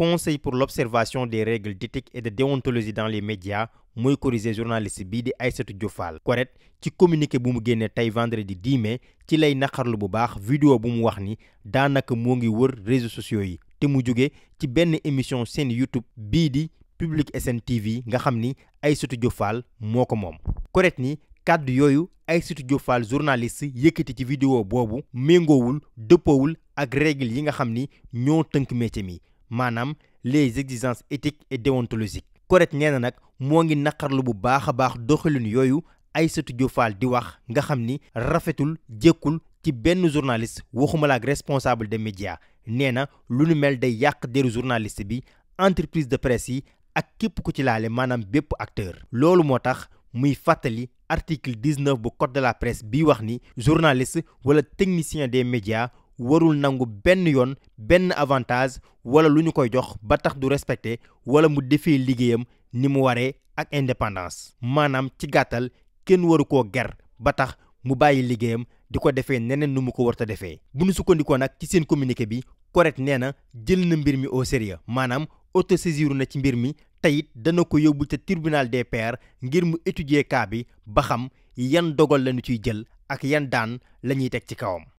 conseil pour l'observation des règles d'éthique et de déontologie dans les médias mooy corriger journaliste bii di ay Diop Fall CORED ci communiqué bu mu génnee tey vendredi 10 mai ci lay naqarlu bu baax vidéo bu mu wax ni daanaka moo ngi wër réseau sociaux yi te mu jóge ci benn émission seen YouTube bii di Public SN TV nga xam ni ay Diop Fall moo ko moom CORED ni kàddu yooyu ay Diop Fall journaliste yëkkati ci vidéo boobu méngoowul dëppoowul ak règle yi nga xam ni ñoo tënk métier mi maanaam les exigences éthiques et déontologiques CORED nee na nag moo ngi naqarlu bu baax a baax doxalin yooyu Aïssatou Diop Fall di wax nga xam ni rafetul jékkul ci benn journaliste waxuma la ak responsable des média nee na lu nu mel day yàq deru journaliste bi entreprise de presse yi ak képp ku ci laale maanaam bépp acteur loolu moo tax muy fàttali article 19 bu code de la presse bi wax ni journaliste wala technicien des médias warul nangu benn yoon benn avantage wala lu ñu koy jox ba tax du respecté wala mu defee liggéeyam ni mu waree ak indépendance maanaam ci gàttal kenn waru koo ger ba tax mu bàyyi liggéeyam di ko defee neneen nu mu ko warta defee bu nu sukkandikoo nag ci seen communiqué bi CORED nee na jël na mbir mi au sérieux maanaam autosaisiru na ci mbir mi teyit dana ko yóbbul ca tirbinal des pairs ngir mu étudier cas bi ba xam yan dogal lañu ciy jël ak yan daan la ñuy teg ci kawam